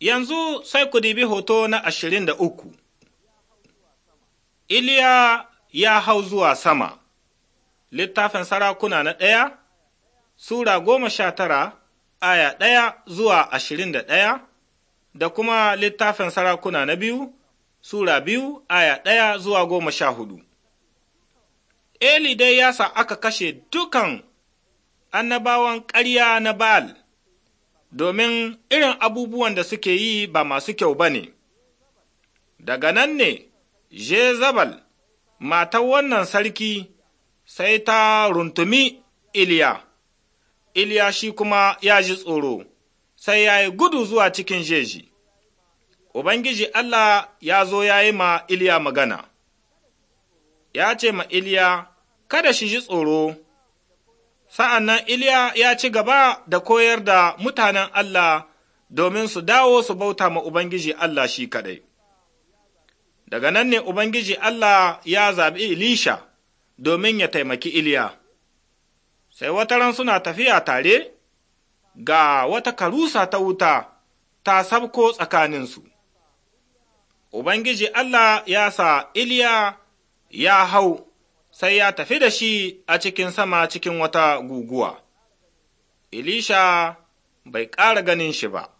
Yanzu sai ku dibi hoto na ashirin da uku, Iliya ya hau zuwa sama, littafin sarakuna na ɗaya, Sura goma sha tara, aya ɗaya zuwa ashirin da ɗaya, da kuma littafin sarakuna na biyu, Sura biyu, aya ɗaya zuwa goma sha hudu. Eli dai ya sa aka kashe dukan annabawan ƙarya na Ba'al. domin irin abubuwan da suke yi ba masu kyau ba ne. Daga nan ne, Jezabel, matar wannan sarki, sai ta runtumi Iliya, Iliya shi kuma ya ji tsoro, sai ya yi gudu zuwa cikin jeji. Ubangiji Allah ya zo ya yi ma Iliya magana, ya ce ma Iliya, Kada shi ji tsoro, Sa'an nan Iliya ya ci gaba da koyar da mutanen Allah domin su dawo su bauta ma Ubangiji Allah shi kaɗai. Daga nan ne Ubangiji Allah ya zaɓi Elisha domin ya taimaki Iliya. Sai wata ran suna tafiya tare ga wata karusa ta wuta ta sabko tsakaninsu. Ubangiji Allah ya sa Iliya ya hau sai ya tafi da shi a cikin sama cikin wata guguwa. Elisha bai ƙara ganin shi ba.